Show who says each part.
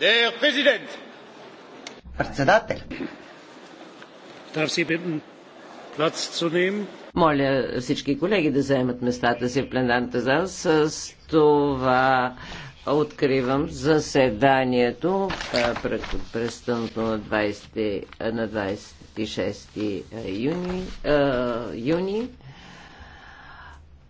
Speaker 1: Der Präsident.
Speaker 2: Председател.
Speaker 3: Darf Sie bitten, Platz zu nehmen? Моля всички колеги да заемат местата си в пленарната зала. С това откривам заседанието престъпно на, 20, на 26 юни. юни.